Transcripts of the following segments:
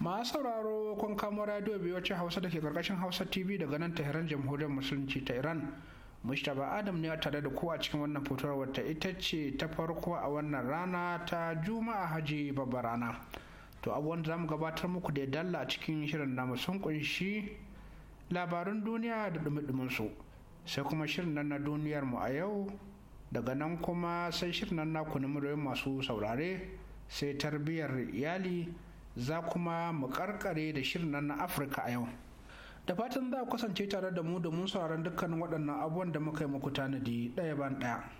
masu sauraro kun kamo radio biyu wacce hausa da ke karkashin hausa tv daga nan tehran jamhuriyar musulunci ta iran mustapha adam ne tare da kowa cikin wannan fitowar wata ita ce ta farko a wannan rana ta juma'a haji babbar rana to abubuwan za mu gabatar muku da dalla a cikin shirin namu sun kunshi labarun duniya da dumi su sai kuma shirin nan na duniyar mu a yau daga nan kuma sai shirin nan na kunimurorin masu saurare sai tarbiyyar iyali za kuma mu karkare da shirin nan na afirka a yau da fatan za ku kasance tare da mu domin sauraron dukkanin waɗannan abubuwan da muka yi muku tanadi ɗaya ban ɗaya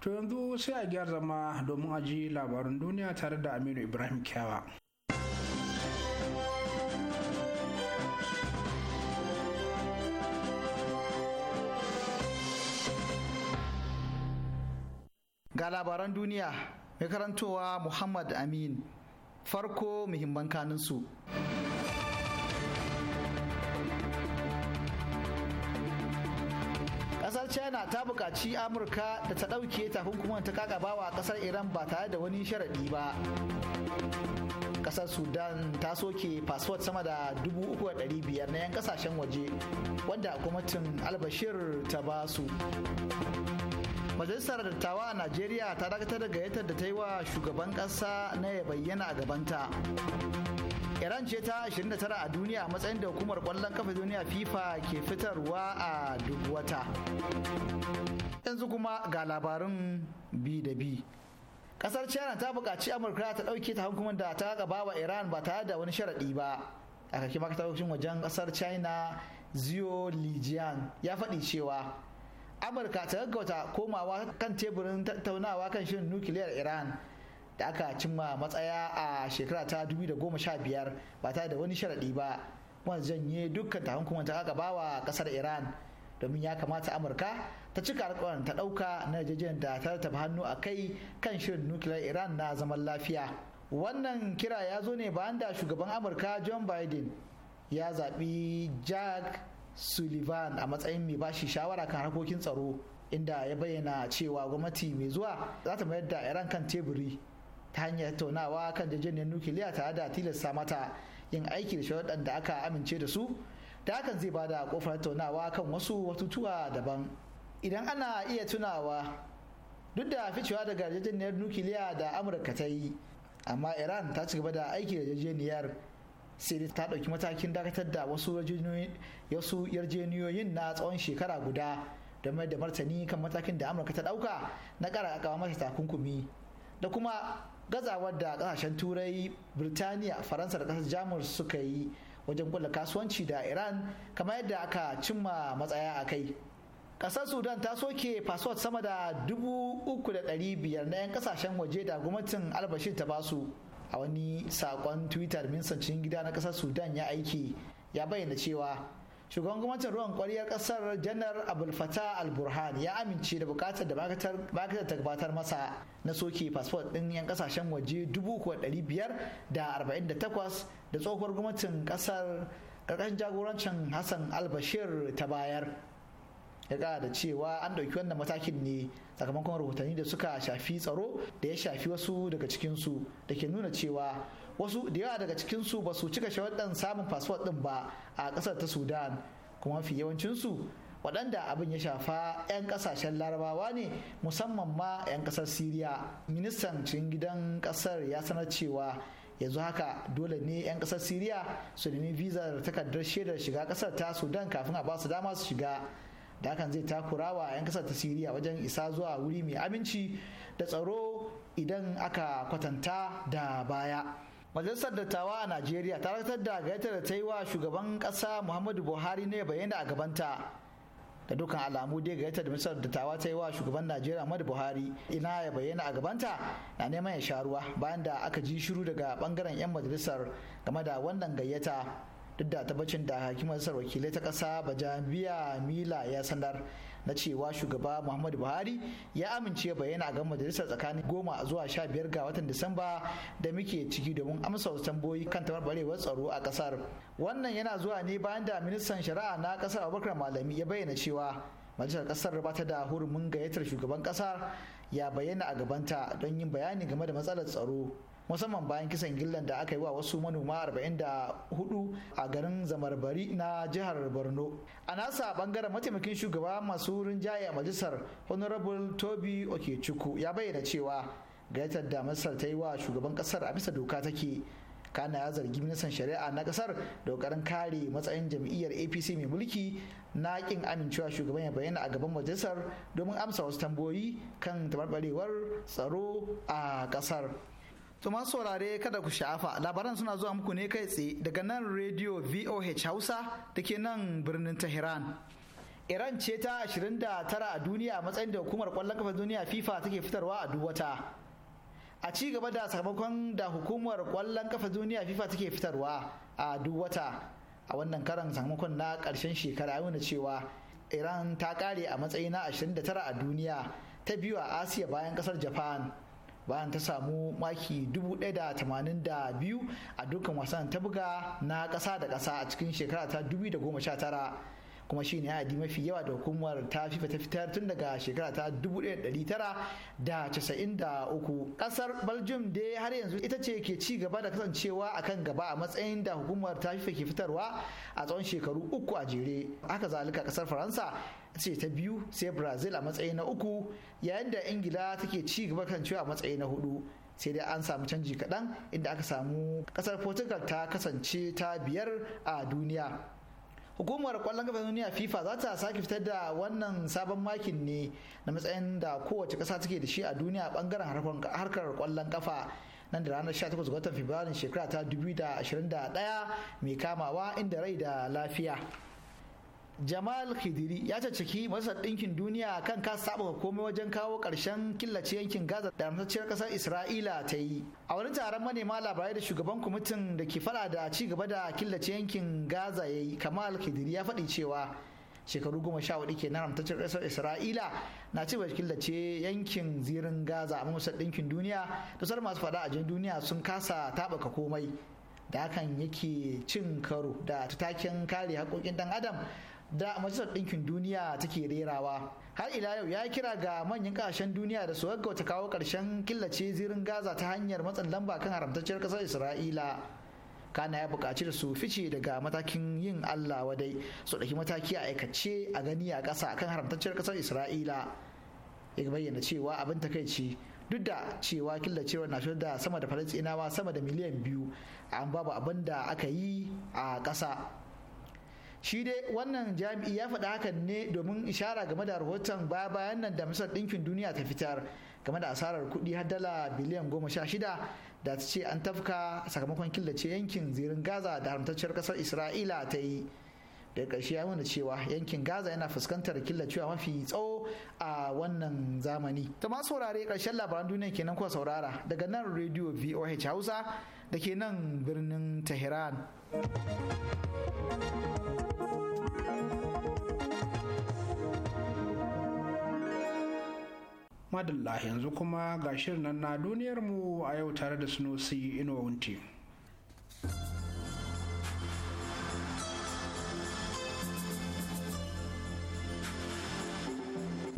to yanzu sai a gyar zama domin a ji labarin duniya tare da aminu ibrahim kyawa ga labaran duniya mai karantowa muhammad amin farko muhimman kanunsu china ta buƙaci amurka da ta ɗauke hukumar ta kaka a ƙasar iran ba tare da wani sharaɗi ba ƙasar sudan ta soke fasfot sama da 3,500 na 'yan kasashen waje wanda gwamnatin albashir ta ba su majalisar dattawa a najeriya ta dakatar da gayyatar da ta yi wa shugaban kasa na ya bayyana a gabanta iran ce ta 29 a duniya matsayin da hukumar kwallon kafa duniya fifa ke fitarwa a duk wata yanzu kuma ga labarin bi da bi kasar china ta buƙaci amurka ta ɗauke ta hukumar da ta gaba wa iran ba tare da wani sharaɗi ba a kaki makatarokin wajen kasar china zio lijian ya faɗi cewa amurka ta gaggauta komawa kan teburin tattaunawa kan shirin nukiliyar iran da aka cimma matsaya a shekara ta 2015 ba ta da wani sharaɗi ba wanda janye dukkan takunkuman ta aka bawa kasar iran domin ya kamata amurka ta cika alƙawar ta ɗauka na yarjejeniyar da ta rattaba hannu a kai kan shirin nukiliyar iran na zaman lafiya wannan kira ya zo ne bayan da shugaban amurka john biden ya zaɓi jack sullivan a matsayin mai bashi shawara kan harkokin tsaro inda ya bayyana cewa gwamnati mai zuwa za ta mayar da iran kan teburi ta hanyar tattaunawa kan jajjeniyar nukiliya tare da tilasta mata yin aiki da shawarar da aka amince da su da hakan zai bada kofar tattaunawa kan wasu watutuwa daban idan ana iya tunawa duk da ficewa daga yarjejeniyar nukiliya da amurka ta yi amma iran ta ci gaba da aiki da yarjejeniyar sai ta ɗauki matakin dakatar da wasu yarjeniyoyin na tsawon shekara guda da mai da martani kan matakin da amurka ta ɗauka na ƙara mata takunkumi da kuma gazawar da kasashen turai birtaniya faransa da kasar jamus suka yi wajen kula kasuwanci da iran kamar yadda aka cimma matsaya a kai kasar sudan ta soke fasuwar sama da 3,500 na 'yan kasashen waje da gwamnatin albashir ta basu a wani sakon twitter minsancin gida na kasar sudan ya aiki ya bayyana cewa shugaban gwamnatin ruwan kwariyar kasar janar abulfata al-burhan ya amince da bukatar da ma'aikatar ta gabatar masa na soke fasfot ɗin yan kasashen waje 548 da arba'in da tsohuwar gwamnatin kasar ƙarƙashin jagorancin hassan albashir ta bayar ya kara da cewa an ɗauki wannan matakin ne sakamakon rahotanni da suka shafi tsaro da ya shafi wasu daga cikinsu da ke nuna cewa wasu da yawa daga cikinsu ba su cika shawarar samun fasfot ɗin ba a ƙasar ta sudan kuma fi yawancinsu waɗanda abin ya shafa 'yan ƙasashen larabawa ne musamman ma 'yan ƙasar siriya ministan cikin gidan ƙasar ya sanar cewa yanzu haka dole ne 'yan ƙasar siriya su nemi da takardar shaidar shiga ƙasar ta sudan kafin a ba su dama su shiga da hakan zai takura wa 'yan ƙasar ta siriya wajen isa zuwa wuri mai aminci da tsaro idan aka kwatanta da baya majalisar dattawa a najeriya ta rakatar da gayyatar da ta yi wa shugaban kasa muhammadu buhari ne bayyana a gabanta da dukkan alamu dai gayyatar da majalisar dattawa ta yi wa shugaban najeriya muhammadu buhari ina ya bayyana a gabanta na neman ya sha bayan da aka ji shiru daga bangaren yan majalisar game da wannan gayyata duk da tabbacin da hakimar wakilai ta kasa bajabiya mila ya sanar na cewa shugaba muhammadu buhari ya amince bayyana ga majalisar tsakanin goma zuwa sha biyar ga watan disamba da muke ciki domin amsa wasu tambayoyi kan tabarbarewar tsaro a kasar wannan yana zuwa ne bayan da ministan shari'a na kasar abubakar malami ya bayyana cewa majalisar kasar ba ta da hurumin gayyatar shugaban kasar ya bayyana a gabanta don yin bayani game da matsalar tsaro musamman bayan kisan gillan da aka yi wa wasu manoma 44 a garin zamarbari na jihar borno a nasa bangaren mataimakin shugaba masu rinjaye a majalisar honorable toby okechukwu ya bayyana cewa gaitar da masar ta yi wa shugaban kasar a bisa doka take kana ya zargi ministan shari'a na kasar da kokarin kare matsayin jam'iyyar apc mai mulki na kin amincewa shugaban ya bayyana a gaban majalisar domin amsa wasu tambayoyi kan tabarbarewar tsaro a kasar To masu saurare kada ku sha'afa labaran suna zuwa muku ne kai tsaye daga nan rediyo VOH Hausa da ke nan birnin Tehran. Iran ce ta 29 a duniya a matsayin da hukumar kwallon kafa duniya FIFA take fitarwa a duk wata. A ci gaba da sakamakon da hukumar kwallon kafa duniya FIFA take fitarwa a duk wata. A wannan karan sakamakon na karshen shekara ya cewa Iran ta kare a matsayi na 29 a duniya ta biyu a Asiya bayan kasar Japan. bayan ta samu maki 1,082 a dukkan wasan ta buga na ƙasa da ƙasa a cikin shekara ta 2019 kuma shi shine adi mafi yawa da hukumar ta fifa ta fitar tun daga shekara ta 1993 kasar belgium dai har yanzu ita ce ke ci gaba da kasancewa a kan gaba a matsayin da hukumar ta fifa ke fitarwa a tsawon shekaru uku a jere haka zalika kasar faransa ce ta biyu sai brazil a matsayi na uku yayin da ingila take ci gaba kan a matsayi na hudu sai dai an samu canji kaɗan inda aka samu ƙasar portugal ta kasance ta biyar a duniya hukumar kwallon kafa duniya fifa za ta sake fitar da wannan sabon makin ne na matsayin da kowace kasa take da shi a duniya a bangaren harkar kwallon kafa nan da ranar 18 ga watan fabrairun shekara ta 2021 mai kamawa inda rai da lafiya jamal khidiri ya caccaki masar ɗinkin duniya kan ka saba komai wajen kawo ƙarshen killace yankin gaza da amsacciyar kasar isra'ila ta yi a wani taron manema labarai da shugaban kwamitin da ke faɗa da ci gaba da killace yankin gaza ya yi kamal khidiri ya faɗi cewa shekaru goma sha hudu kenan amtacciyar kasar isra'ila na ci gaba killace yankin zirin gaza a masar ɗinkin duniya da sauran masu fada a duniya sun kasa taɓaka komai da hakan yake cin karo da taken kare haƙoƙin ɗan adam da majalisar ɗinkin duniya take rerawa har ila yau ya kira ga manyan ƙasashen duniya da su gaggauta kawo ƙarshen killace zirin gaza ta hanyar matsin lamba kan haramtacciyar ƙasar isra'ila kana ya buƙaci da su fice daga matakin yin allah wadai su ɗauki mataki a aikace a gani a ƙasa kan haramtacciyar ƙasar isra'ila ya bayyana cewa abin takaici duk da cewa killacewar na fitar da sama da falastinawa sama da miliyan biyu an babu abin da aka yi a ƙasa shi dai wannan jami'i ya faɗa hakan ne domin ishara game da rahoton baya bayan nan da misar ɗinkin duniya ta fitar game da asarar kuɗi har dala biliyan goma sha shida da ta ce an tafka sakamakon killace yankin zirin gaza da haramtacciyar ƙasar isra'ila ta yi da ƙarshe ya nuna cewa yankin gaza yana fuskantar killacewa mafi tsawo a wannan zamani ta masu saurare ƙarshen labaran duniya kenan kuwa saurara daga nan rediyo voh hausa da ke nan birnin tehran madalla yanzu kuma ga shirin nan na duniyarmu a yau tare da sunusi inuwa wunti.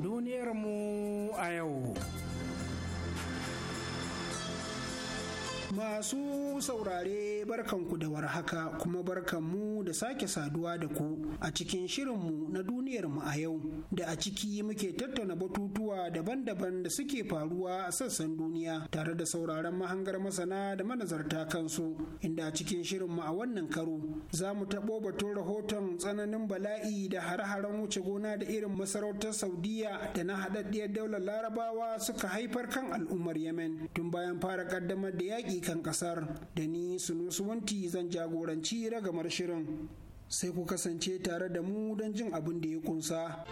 duniyarmu a yau masu saurare barkanku da warhaka kuma barkanmu da sake saduwa da ku a cikin shirinmu na duniyarmu a yau da a ciki muke tattauna batutuwa daban-daban da suke faruwa a sassan duniya tare da sauraron mahangar masana da manazarta kansu inda a cikin shirinmu a wannan karo za mu taɓo batun rahoton tsananin bala'i da hare-haren wuce gona da irin masarautar saudiya da na haɗaɗɗiyar daular larabawa suka haifar kan al'ummar yemen tun bayan fara ƙaddamar da yaƙi kan ƙasar da ni sunusuwanti zan jagoranci ragamar shirin sai ku kasance tare da mu don jin abin da ya kunsa.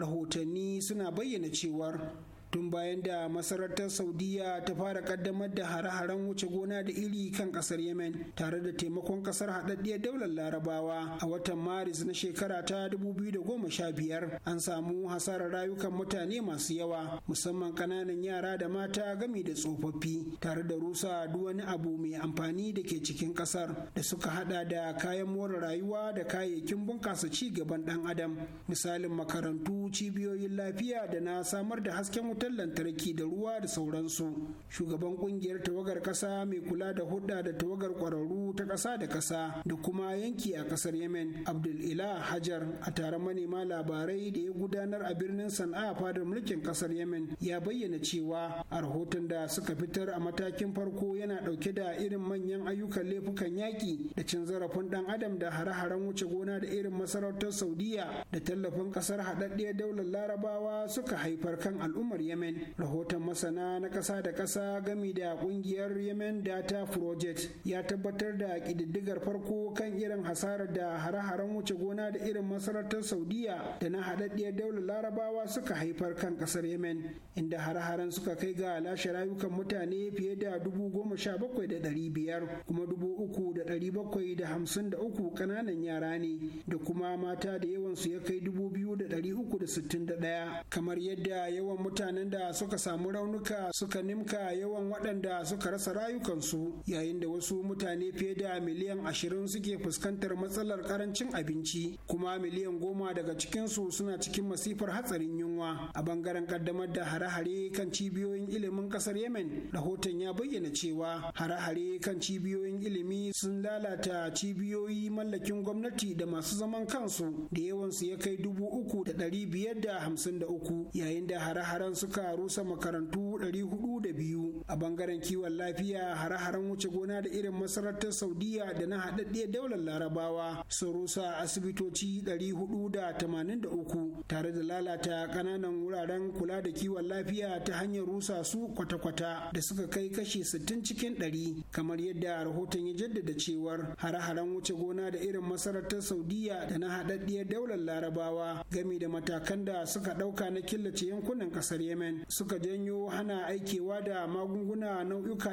rahotanni suna bayyana cewar tun bayan da masarautar saudiya ta fara kaddamar da hare-haren wuce gona da iri kan kasar yemen tare da taimakon kasar haɗaɗɗiyar daular larabawa a watan maris na shekara ta 2015 an samu hasarar rayukan mutane masu yawa musamman ƙananan yara da mata gami da tsofaffi tare da rusa duk wani abu mai amfani da ke cikin kasar da suka hada da kayan more rayuwa da kayayyakin bunƙasa ci gaban ɗan adam misalin makarantu cibiyoyin lafiya da na samar da hasken wutar lantarki da ruwa da sauransu shugaban kungiyar tawagar kasa mai kula da hudda da tawagar kwararru ta kasa da kasa da kuma yanki a kasar yemen abdul ila hajar a tare manema labarai da ya gudanar a birnin sana'a fadar mulkin kasar yemen ya bayyana cewa a rahoton da suka fitar a matakin farko yana dauke da irin manyan ayyukan laifukan yaƙi da cin zarafin dan adam da hare-haren wuce gona da irin masarautar saudiya da tallafin kasar haɗaɗɗiyar daular larabawa suka haifar kan al'ummar yemen rahoton masana na ƙasa da ƙasa gami da ƙungiyar yemen data project ya tabbatar da ƙididdigar farko kan irin hasarar da hare-haren wuce gona da irin masarautar saudiya da na haɗaɗɗiyar daular larabawa suka haifar kan ƙasar yemen inda hare-haren suka kai ga lashe rayukan mutane fiye da dubu goma sha bakwai da ɗari biyar kuma dubu uku da ɗari bakwai da hamsin da uku ƙananan yara ne da kuma mata da yawansu ya kai dubu biyu da ɗari uku da sittin da ɗaya kamar yadda yawan mutane mutanen da suka samu raunuka suka nimka yawan waɗanda suka rasa rayukansu yayin da wasu mutane fiye da miliyan ashirin suke fuskantar matsalar karancin abinci kuma miliyan goma daga cikinsu suna cikin masifar hatsarin yunwa a bangaren kaddamar da hare-hare kan cibiyoyin ilimin ƙasar yemen rahoton ya bayyana cewa hare-hare kan cibiyoyin ilimi sun lalata cibiyoyi mallakin gwamnati da masu zaman kansu da yawansu ya kai dubu uku da ɗari biyar da hamsin da uku yayin da hare-haren su suka rusa makarantu 402 a bangaren kiwon lafiya hare-haren wuce gona da irin masarautar saudiya da na haɗaɗɗiyar daular larabawa sun rusa asibitoci 483 tare da lalata ƙananan wuraren kula da kiwon lafiya ta hanyar rusa su kwata-kwata da suka kai kashi 60 cikin 100 kamar yadda rahoton ya jaddada cewar hare-haren wuce gona da irin masarautar saudiya da na haɗaɗɗiyar daular larabawa game da matakan da suka ɗauka na killace yankunan ƙasar yemen yemen suka janyo hana aikewa da magunguna nau'uka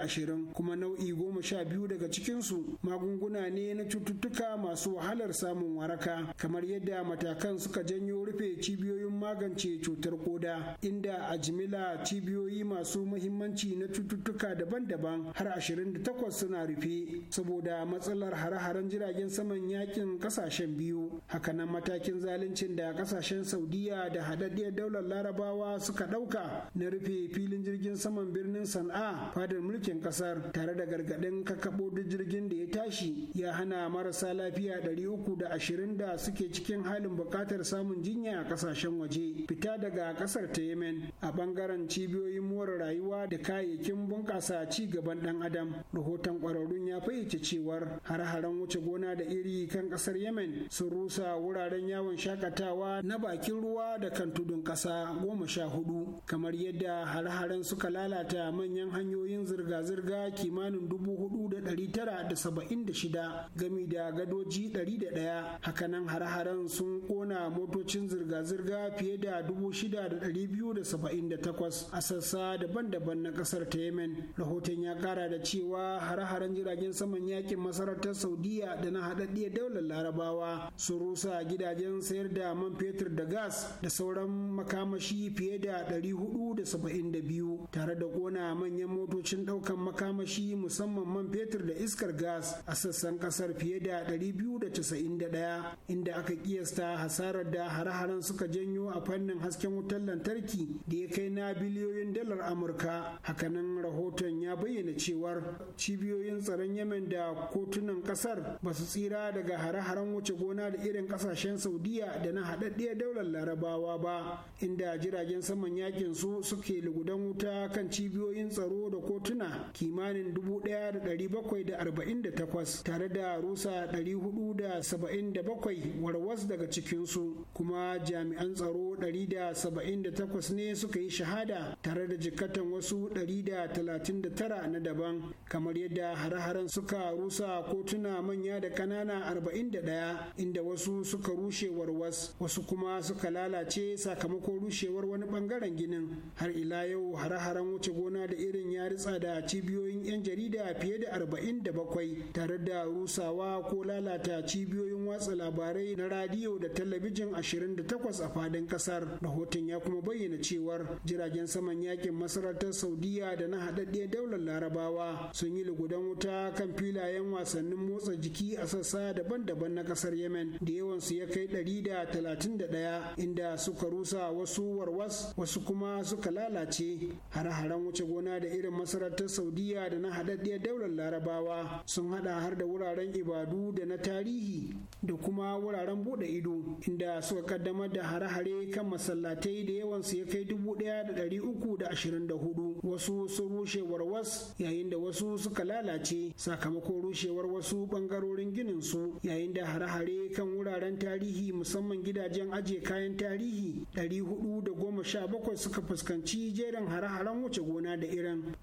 ashirin kuma nau'i goma sha biyu daga cikinsu magunguna ne na cututtuka masu wahalar samun waraka kamar yadda matakan suka janyo rufe cibiyoyin magance cutar koda inda a jimila cibiyoyi masu muhimmanci na cututtuka daban-daban har ashirin da takwas suna rufe saboda matsalar hare-haren jiragen saman yakin kasashen biyu hakanan matakin zaluncin da kasashen saudiya da haɗaɗɗiyar daular larabawa Iraniyawa suka ɗauka na rufe filin jirgin saman birnin Sana'a fadar mulkin ƙasar tare da gargaɗin kakaɓo duk jirgin da ya tashi ya hana marasa lafiya ɗari uku da ashirin da suke cikin halin buƙatar samun jinya a ƙasashen waje fita daga ƙasar ta Yemen a ɓangaren cibiyoyin more rayuwa da kayayyakin bunƙasa ci gaban ɗan adam rahoton ƙwararrun ya fayyace cewar hare-haren wuce gona da iri kan ƙasar Yemen sun rusa wuraren yawon shakatawa na bakin ruwa da kan tudun ƙasa goma goma sha hudu kamar yadda har-haren suka lalata manyan hanyoyin zirga-zirga kimanin dubu hudu da dari tara da saba'in da shida gami da gadoji dari da daya, hakanan har-haren sun ƙona motocin zirga-zirga fiye da dubu shida da dari biyu da saba'in da takwas a sassa daban-daban na ƙasar ta yemen rahoton ya ƙara da cewa har-haren jiragen saman yakin masarautar saudiya da na haɗaɗɗiyar daular larabawa sun rusa gidajen sayar da man fetur da gas da sauran makamashi fiye da 472 tare da kona manyan motocin daukan makamashi musamman man fetur da iskar gas a sassan kasar fiye da 291 inda aka kiyasta hasarar da hare-haren suka janyo a fannin hasken wutar lantarki da ya kai na biliyoyin dalar amurka hakanan rahoton ya bayyana cewar cibiyoyin tsaron yemen da kotunan kasar ba su tsira daga hare-haren wuce gona da irin kasashen saudiya da na haɗaɗɗiyar daular larabawa ba inda jira jiragen saman yakin su suke lugudan wuta kan cibiyoyin tsaro da kotuna kimanin 1748 tare da rusa 477 warwas daga cikinsu kuma jami'an tsaro 178 ne suka yi shahada tare da jikatan wasu 139 na daban kamar yadda hare-haren suka rusa kotuna manya da ƙanana 41 inda wasu suka rushe warwas wasu kuma suka lalace sakamakon rushewar wani bangaren ginin har ila yau hare-haren wuce gona da irin ya ritsa da cibiyoyin 'yan jarida fiye da arba'in da bakwai, tare da rusawa ko lalata cibiyoyin watsa labarai na radiyo da talabijin ashirin da takwas a fadin kasar rahoton ya kuma bayyana cewar jiragen saman yakin masarautar saudiya da na haɗaɗɗen daular larabawa sun yi lugudan wuta kan filayen wasannin motsa jiki a sassa daban-daban na kasar yemen da yawansu ya kai ɗari da ɗaya, inda suka rusa wasu warwa awas wasu kuma suka lalace har haren wuce gona da irin masarautar saudiya da na haɗaɗɗiyar daular larabawa sun haɗa har da wuraren ibadu da na tarihi da kuma wuraren buɗe ido inda suka kaddamar da hare-hare kan masallatai da yawan su ya kai dubu ɗaya da ɗari uku da ashirin da hudu wasu sun rushe warwas yayin da wasu suka lalace sakamakon rushewar wasu ɓangarorin ginin su yayin da hare-hare kan wuraren tarihi musamman gidajen ajiye kayan tarihi ɗari hudu da goma goma sha bakwai suka fuskanci jerin hare-haren wuce gona da irin.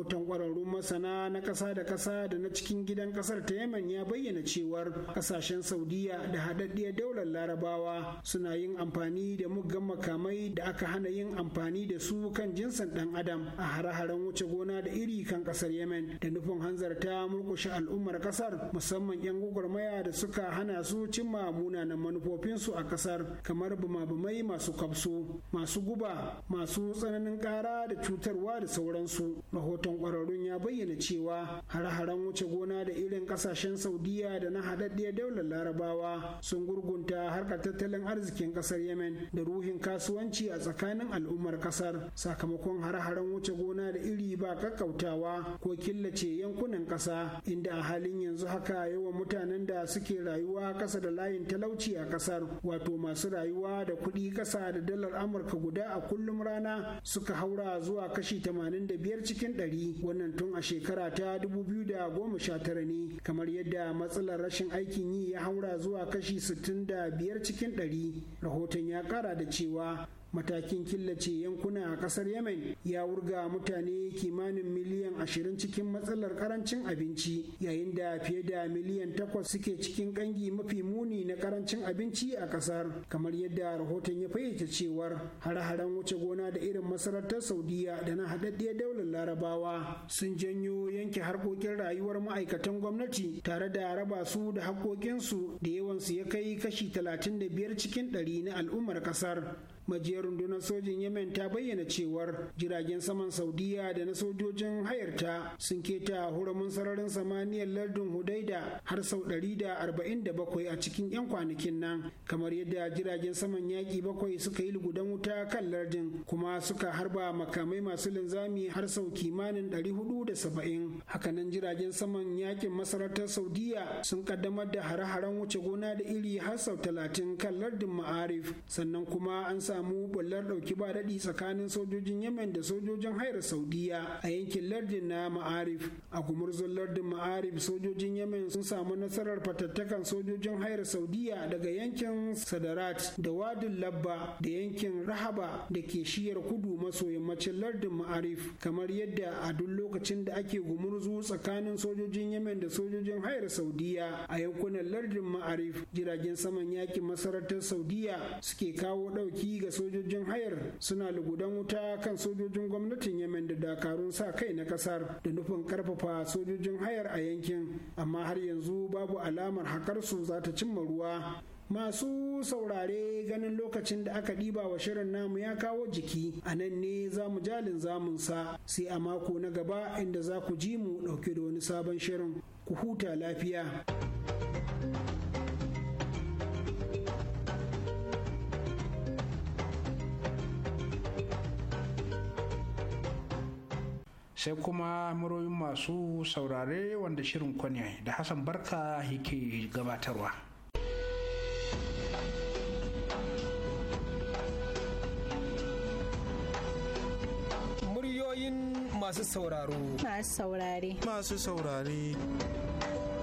rahoton ƙwararrun masana na ƙasa da ƙasa da na cikin gidan ƙasar ta yemen ya bayyana cewar ƙasashen saudiya da haɗaɗɗiyar daular larabawa suna yin amfani da muggan makamai da aka hana yin amfani da su kan jinsin ɗan adam a hare-haren wuce gona da iri kan ƙasar yemen da nufin hanzarta murƙushe al'ummar ƙasar musamman 'yan gwagwarmaya da suka hana su cimma munanan manufofinsu a ƙasar kamar bama-bamai masu kwafso masu guba masu tsananin ƙara da cutarwa da sauransu rahoton rahoton kwararrun ya bayyana cewa har-haren wuce gona da irin ƙasashen saudiya da na haɗaɗɗiyar daular larabawa sun gurgunta harkar tattalin arzikin ƙasar yemen da ruhin kasuwanci a tsakanin al'ummar ƙasar sakamakon har-haren wuce gona da iri ba kakkautawa ko killace yankunan ƙasa inda a halin yanzu haka yawan mutanen da suke rayuwa ƙasa da layin talauci a ƙasar wato masu rayuwa da kuɗi ƙasa da dalar amurka guda a kullum rana suka haura zuwa kashi 85 cikin ɗari. wannan tun a shekara ta 2019 ne kamar yadda matsalar rashin aikin yi ya haura zuwa kashi 65 cikin 100 rahoton ya kara da cewa matakin killace yankuna a kasar yemen ya wurga mutane kimanin miliyan ashirin cikin matsalar karancin abinci yayin da fiye da miliyan takwas suke cikin kangi mafi muni na karancin abinci a kasar kamar yadda rahoton ya fayyace cewar hare-haren wuce gona da irin masarautar saudiya da na haɗaɗɗiyar daular larabawa sun janyo yanke harkokin rayuwar ma'aikatan gwamnati tare da raba su da haƙoƙinsu da yawansu ya kai kashi talatin da biyar cikin ɗari na al'ummar kasar majiyar rundunar sojin yemen ta bayyana cewar jiragen saman saudiya da na sojojin hayarta sun keta huramin sararin samaniyar lardin hudaida har sau 147 a cikin 'yan kwanakin nan kamar yadda jiragen saman yaƙi bakwai suka yi lugudan wuta kan lardin kuma suka harba makamai masu linzami har sau kimanin 470 hakanan jiragen saman yaƙin masarautar saudiya sun kaddamar da hare-haren wuce gona da iri har sau 30 kan lardin ma'arif sannan kuma an samu bullar ɗauki ba daɗi tsakanin sojojin yemen da sojojin hayar saudiya a yankin lardin na ma'arif a gumurzun lardin ma'arif sojojin yemen sun samu nasarar fatattakan sojojin hayar saudiya daga yankin sadarat da wadin labba da yankin rahaba da ke shiyar kudu maso yammacin lardin ma'arif kamar yadda a duk lokacin da ake gumurzu tsakanin sojojin yemen da sojojin hayar saudiya a yankunan lardin ma'arif jiragen saman yakin masarautar saudiya suke kawo ɗauki ga sojojin hayar suna lugudan wuta kan sojojin gwamnatin yemen da dakarun sa kai na kasar da nufin karfafa sojojin hayar a yankin amma har yanzu babu alamar su za ta cimma ruwa masu saurare ganin lokacin da aka ɗiba wa shirin namu ya kawo jiki a nan ne za mu jalin zamunsa sai a mako na gaba inda za ku ji mu ɗauke da wani sabon shirin ku huta lafiya. sai kuma muroyin masu saurare wanda shirin kwanya da hassan barka yake gabatarwa muryoyin masu sauraro masu saurare masu saurare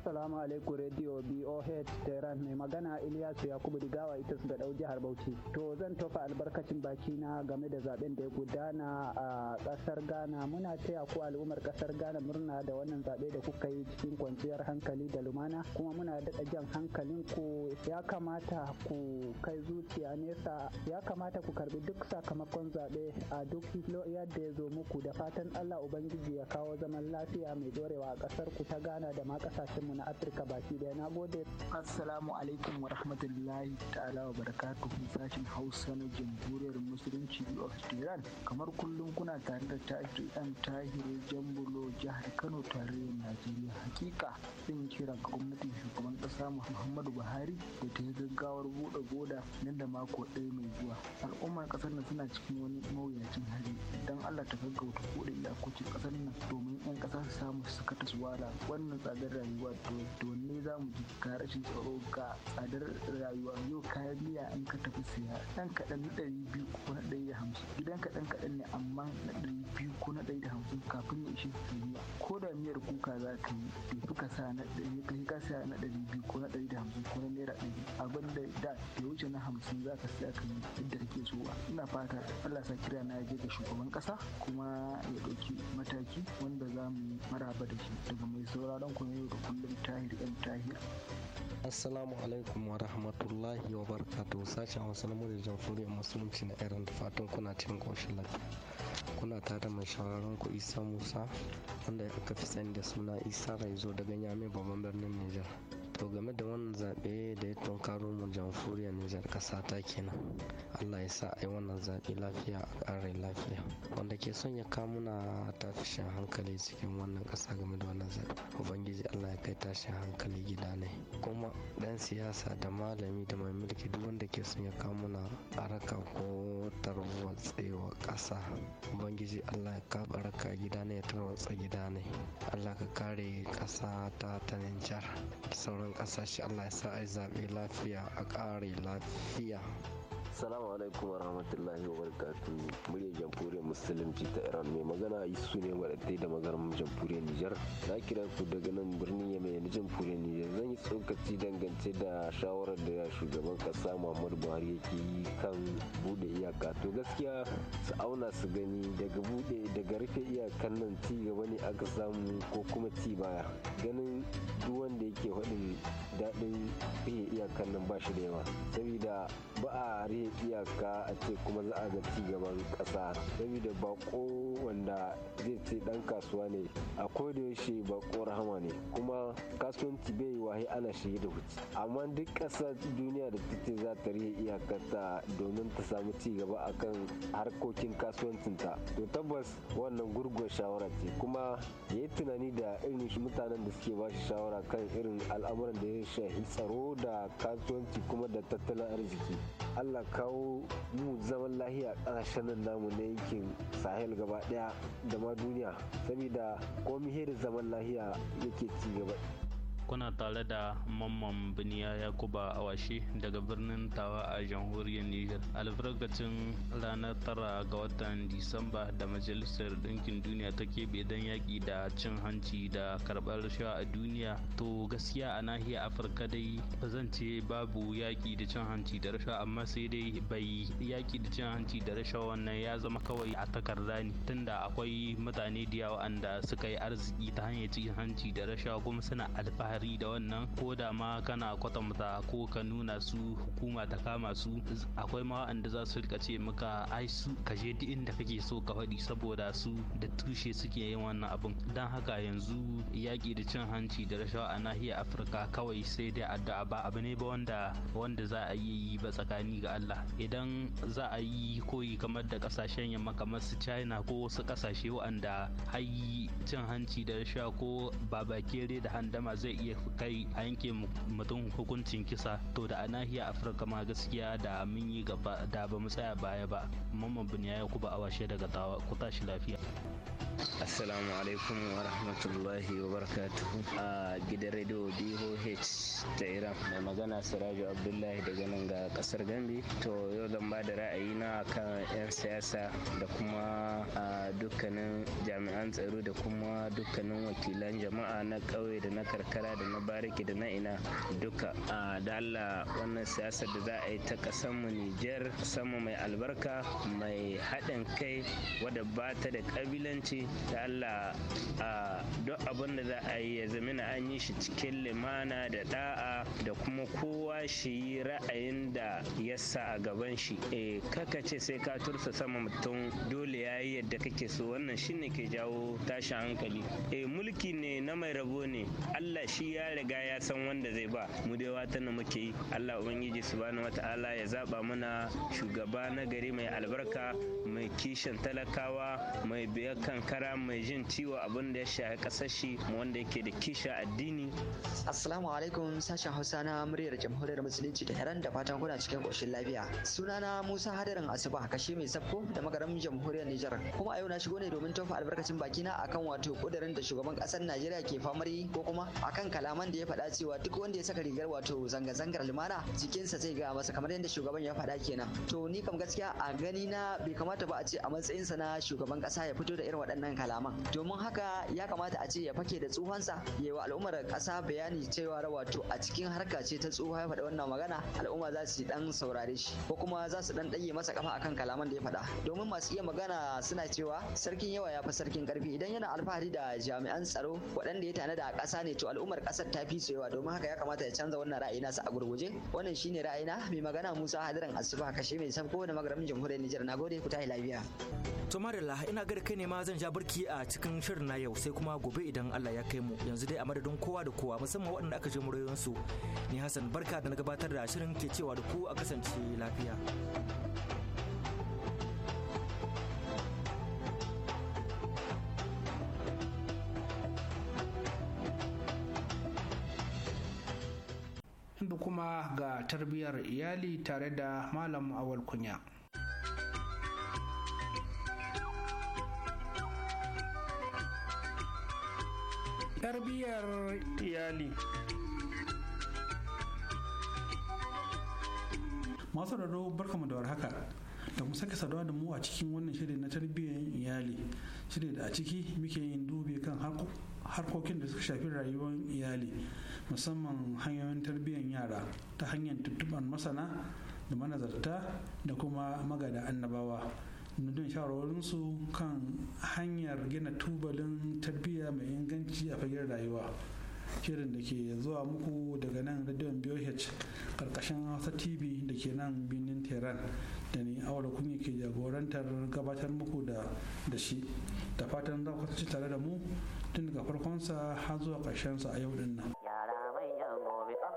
Assalamu alaikum Radio BOH Tehran mai magana Ilyasu Yakubu Digawa ita su ɗau jihar Bauchi. To zan tofa albarkacin baki na game da zaɓen da ya gudana a ƙasar Ghana. Muna taya ku al'ummar ƙasar Ghana murna da wannan zaɓe da kuka yi cikin kwanciyar hankali da lumana kuma muna daɗa jan hankalin ku ya kamata ku kai zuciya nesa ya kamata ku karbi duk sakamakon zaɓe a duk yadda ya zo muku da fatan Allah Ubangiji ya kawo zaman lafiya mai ɗorewa a ƙasar ku ta Ghana da ma ƙasashen mu na Afirka baki daya. Na gode. Assalamu alaikum wa rahmatullahi ta'ala wa barakatuhu sashen Hausa na Jamhuriyar Musulunci of Iran. Kamar kullum kuna tare da Tahir M Tahir Jambulo jihar Kano tarayyar Najeriya. Hakika zan kira ga gwamnatin shugaban ƙasa Muhammadu Buhari da ta yi gaggawar buɗe goda nan da mako ɗaya mai zuwa. Al'ummar ƙasar nan suna cikin wani mawuyacin hali. don Allah ta gaggauta buɗe iyakokin ƙasar nan domin 'yan ƙasa su samu su kata su wala wannan tsadar rayuwa domin za mu ji ka rashin tsaro ga tsadar rayuwa yau kayan miya an ka tafi siya ɗan kaɗan na ɗari biyu ko na ɗari da hamsin gidan kaɗan kaɗan ne amma na ɗari biyu ko na ɗari da hamsin kafin ya ishe su miya ko da miyar kuka za ka yi bai fi ka sa na ɗari ka ka siya na ɗari biyu ko na ɗari da hamsin ko na naira ɗari abin da da ya wuce na hamsin za ka siya ka yi yadda kake so ina fata Allah sa kira na je ga shugaban ƙasa kuma ya ɗauki mataki wanda za mu maraba da shi daga mai sauraron ku yau da kullum tahir m tahir Assalamu alaikum wa rahmatullahi wa barakatuhu sashen Hausa na muryar jamhuriyar musulunci na irin da fatan kuna cikin koshin lafiya. Kuna tare mai shawararren ku Isa Musa wanda ya fi sani da suna Isa Raizo daga Yami babban birnin Nijar. to game da wannan zaɓe da ya tunkaro mu jamhuriyar nijar ƙasa ta kenan allah ya sa a yi wannan zaɓe lafiya a ƙarin lafiya wanda ke son ya kamu na tashin hankali cikin wannan ƙasa game da wannan zaɓe ubangiji allah ya kai tashin hankali gida ne kuma ɗan siyasa da malami da mai mulki duk wanda ke son ya kawo muna araka ko tarwatsewa ƙasa ubangiji allah ya ka araka gida ne ya tarwatsa gida ne allah ka kare ƙasa ta ta da sauran sauran ƙasashe allah ya sa a zaɓe lafiya a ƙare lafiya Salamu alaikum warahmatullahi wabarakatuh. Muryar Jamhuriyar Musulunci ta Iran mai magana su ne wadatai da magarin Jamhuriyar Nijar. Na kira ku daga nan birnin Yamai na Jamhuriyar Nijar. Zan yi tsokaci dangance da shawarar da shugaban kasa Muhammadu Buhari yake yi kan bude iyaka. To gaskiya su auna su gani daga bude daga rufe iyakan nan ci gaba ne aka samu ko kuma ci baya. Ganin duk wanda yake faɗin daɗin rufe iyakan nan ba shi da yawa. Saboda ba a tarihin iyaka a ce kuma za a ga ci gaban ƙasa saboda bako wanda zai ce dan kasuwa ne a yaushe bako rahama ne kuma kasuwanci bai wahi ana shi da huci amma duk ƙasa duniya da take za ta rihe iyakarta domin ta samu ci gaba akan harkokin kasuwancinta to tabbas wannan gurguwar shawara ce kuma ya tunani da irin mutanen da suke ba shawara kan irin al'amuran da ya shahi tsaro da kasuwanci kuma da tattalin arziki allah kawo mu zaman lahiya kasashen nan namu na yankin sahel gaba daya da ma duniya saboda komi da zaman lahiya yake ci gaba kuna tare da mamman biniya yakuba washe daga birnin tawa a jamhuriyar niger albarkacin ranar tara ga watan disamba da majalisar ɗinkin duniya ta keɓe don yaƙi da cin hanci da karɓar rashawa a duniya to gaskiya a nahiyar afirka dai ba zan ce babu yaƙi da cin hanci da rashawa amma sai dai bai yaƙi da cin hanci da rashawa wannan ya zama kawai a takarda ne tunda akwai mutane da yawa suka yi arziki ta hanyar cin hanci da rashawa kuma suna alfahari ƙari da wannan ko da ma kana kwatanta ko ka nuna su hukuma ta kama su akwai ma waɗanda za su rika ce maka ai su ka je duk inda kake so ka faɗi saboda su da tushe suke yin wannan abin don haka yanzu yaƙi da cin hanci da rashawa a nahiyar afirka kawai sai dai addu'a ba abu ne ba wanda wanda za a yi ba tsakani ga allah idan za a yi koyi kamar da ƙasashen yamma kamar su china ko wasu ƙasashe wanda har cin hanci da rashawa ko babakere da handama zai iya iya kai a yanke mutum hukuncin kisa to da a nahiyar afirka ma gaskiya da mun yi gaba da ba mu tsaya baya ba mamman biniya ya kuba awashe daga tawa ku tashi lafiya assalamu alaikum wa rahmatullahi wa barakatuhu a gidan radio DOH ta iran mai magana siraju abdullahi daga nan ga kasar gambi to yau zan ba da ra'ayi na kan 'yan siyasa da kuma a dukkanin jami'an tsaro da kuma dukkanin wakilan jama'a na ƙauye da na karkara da na bariki da na ina duka a da allah wannan siyasar da za a yi ta mu nijar sama mai albarka mai haɗin kai wadda ba ta da ƙabilanci ta Allah a duk abin da za a yi ya na an yi shi cikin limana da da'a da kuma kowa shi yi ra'ayin da ya sa a gaban shi e eh, kaka ce sai ka tursa sama mutum dole ya yi yadda kake so wannan shine ke jawo tashin hankali e mulki ne na mai rabo ne Allah shi ya riga ya san wanda zai ba mu dai wata na muke yi Allah ubangiji subhanahu wata'ala ya zaba mana shugaba na gari mai albarka mai kishin talakawa mai biyar kankara yara mai jin ciwo abin da ya shafi ƙasar shi wanda yake da kisha addini assalamu alaikum sashen hausa na muryar jamhuriyar musulunci da yaran da fatan kuna cikin ƙoshin lafiya sunana musa hadarin asuba kashe mai sabko da magaram jamhuriyar nijar kuma a yau na shigo ne domin tofa albarkacin bakina akan wato kudirin da shugaban ƙasar najeriya ke famari? yi ko kuma akan kalaman da ya faɗa cewa duk wanda ya saka rigar wato zanga-zangar lumana jikinsa zai ga masa kamar yadda shugaban ya faɗa kenan to ni kam gaskiya a gani na bai kamata ba a ce a matsayinsa na shugaban kasa ya fito da irin waɗannan waɗannan kalaman domin haka ya kamata a ce ya fake da tsohonsa ya yi wa al'ummar ƙasa bayani cewa wato a cikin harka ce ta tsufa ya faɗi wannan magana al'umma za su dan saurare shi ko kuma za su dan ɗage masa kafa akan kalaman da ya faɗa domin masu iya magana suna cewa sarkin yawa ya fi sarkin ƙarfi idan yana alfahari da jami'an tsaro waɗanda ya tanada a ƙasa ne to al'ummar ƙasar ta fi sayawa domin haka ya kamata ya canza wannan ra'ayi nasa a gurguje wannan shine ra'ayina mai magana Musa Hadiran Asuba kashe mai sabko da magaramin jamhuriyar Nijar nagode ku tahi lafiya to marilla ina gari kai ne ma zan ja ja a cikin shirin na yau sai kuma gobe idan Allah ya kai mu yanzu dai a madadin kowa da kowa musamman waɗanda aka je su ni Hassan barka da na gabatar da shirin ke cewa da ku a kasance lafiya. kuma ga tarbiyyar iyali tare da malam awal kunya. tarbiyyar iyali masu raro barkamu da warhaka da mu sake saduwa da mu a cikin wannan shirin na tarbiyyar iyali shirin da a ciki muke yin dubi kan harkokin da suka shafi rayuwar iyali musamman hanyoyin tarbiyyar yara ta hanyar tuttuban masana da manazarta da kuma magada annabawa na jin shawarwarinsu kan hanyar gina tubalin tarbiyya mai inganci a fagen rayuwa shirin da ke zuwa muku daga nan radiyon BOH karkashin Hausa TV da ke nan birnin Tehran da ni awar kunye ke jagorantar gabatar muku da shi da fatan za ku kasance tare da mu tun daga farkonsa har zuwa ƙarshensa a yau din nan. Yara manyan gobe, ah,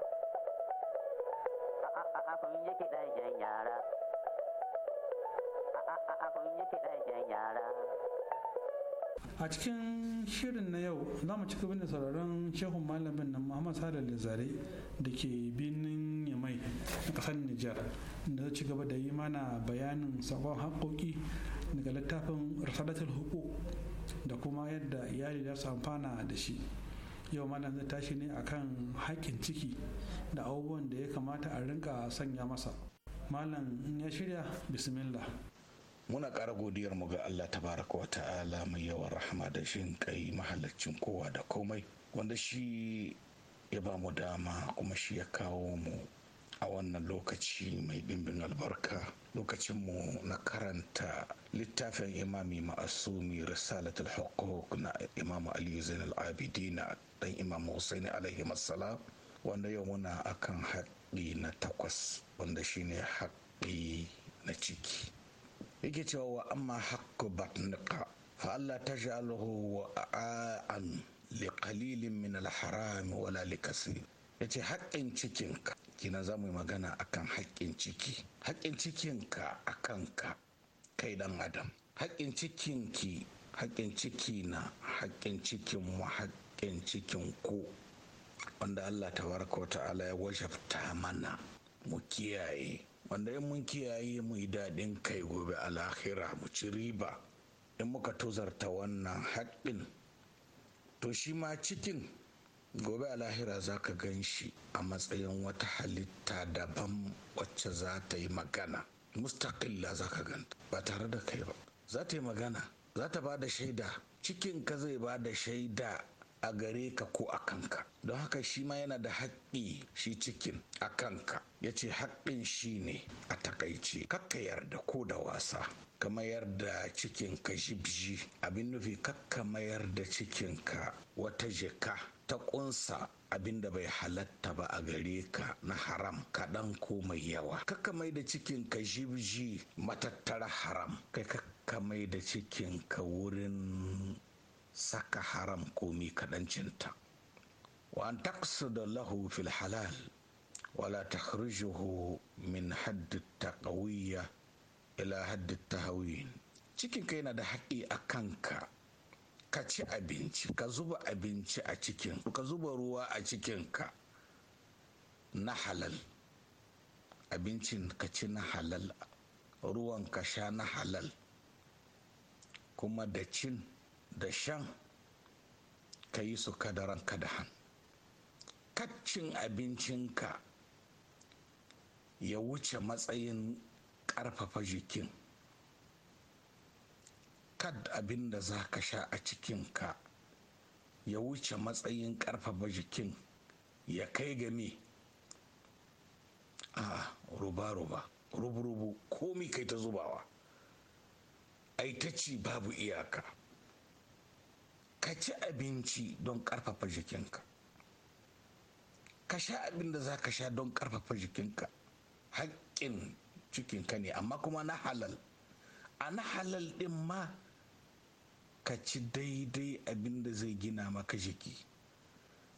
ah, ah, yara. a cikin shirin na yau za mu ci gaba da sauraron shehun malamin na muhammad da zare da ke birnin yamai a ƙasar nijar da ci gaba da yi mana bayanin sakon haƙoƙi daga littafin rasadatul huku da kuma yadda iyali za su amfana da shi yau malam zai tashi ne akan haƙƙin ciki da abubuwan da ya kamata a rinka sanya masa malam ya shirya bismillah muna ƙara godiyar mu ga Allah tabaraka wa ta'ala mai yawan rahama da shin kai mahallacin kowa da komai wanda shi ya ba mu dama kuma shi ya kawo mu a wannan lokaci mai bimbin albarka lokacin mu na karanta littafin imami ma'asumi risalatul hukuk na imamu aliyu zainal na dan imamu husaini alaihi salam wanda yau muna akan haɗi na takwas wanda shine haɗi na ciki yake cewa wa amma haqqu batnika fa Allah taj'alhu wa'an li qalilin min al-haram wala li kasir yace haƙƙin cikinka kina za mu yi magana akan haƙƙin ciki haƙƙin cikinka a kanka kai dan adam haƙƙin cikinki haƙƙin ciki na haƙƙin cikin mu haƙƙin cikin ku wanda Allah tabaraka wa ta'ala ya wajabta mana mu kiyaye wanda in mun kiyaye mu yi daɗin kai gobe a lahira mu ci riba in muka tozarta wannan haƙƙin to shi ma cikin gobe a lahira za ka gan shi a matsayin wata halitta daban wacce za ta yi magana mustaƙilla za ka ganta ba tare da kai ba za ta yi magana za ta ba da shaida cikin ka zai ba da shaida a gare ka ko a kanka don haka shi ma yana da haƙƙi shi cikin a kanka ya ce haƙƙin shi ne a takaice kakka yarda ko da wasa ka mayar da cikinka jibji abin nufi kakka mayar da cikinka wata jika ta ƙunsa abin da bai halatta ba a gare ka na haram kaɗan ko mai yawa kakka mai da cikinka jibji matattara haram kai kakka mai da cikinka wurin saka haram komi kaɗancinta wa an da lahu fil halal wala takhrijuhu min haddi taqawiyya ila haddi tahawin cikin kai yana da haƙi a kanka ka ci abinci ka zuba abinci a cikin ka zuba ruwa a cikinka na halal abincin ka ci na halal ruwan ka sha na halal kuma da cin da shan ka yi su kadaran han kaccin abincinka ya wuce matsayin ƙarfafa jikin kad abin da za ka sha a cikinka ya wuce matsayin ƙarfafa jikin ya kai game a ruba-ruba rubu-rubu komi kai ta zubawa aitaci babu iyaka ka ci abinci don karfafa jikinka ka sha abin da za ka sha don karfafa jikinka haƙƙin cikinka ne amma kuma na halal a na halal ɗin ma ka ci daidai abin da zai gina maka jiki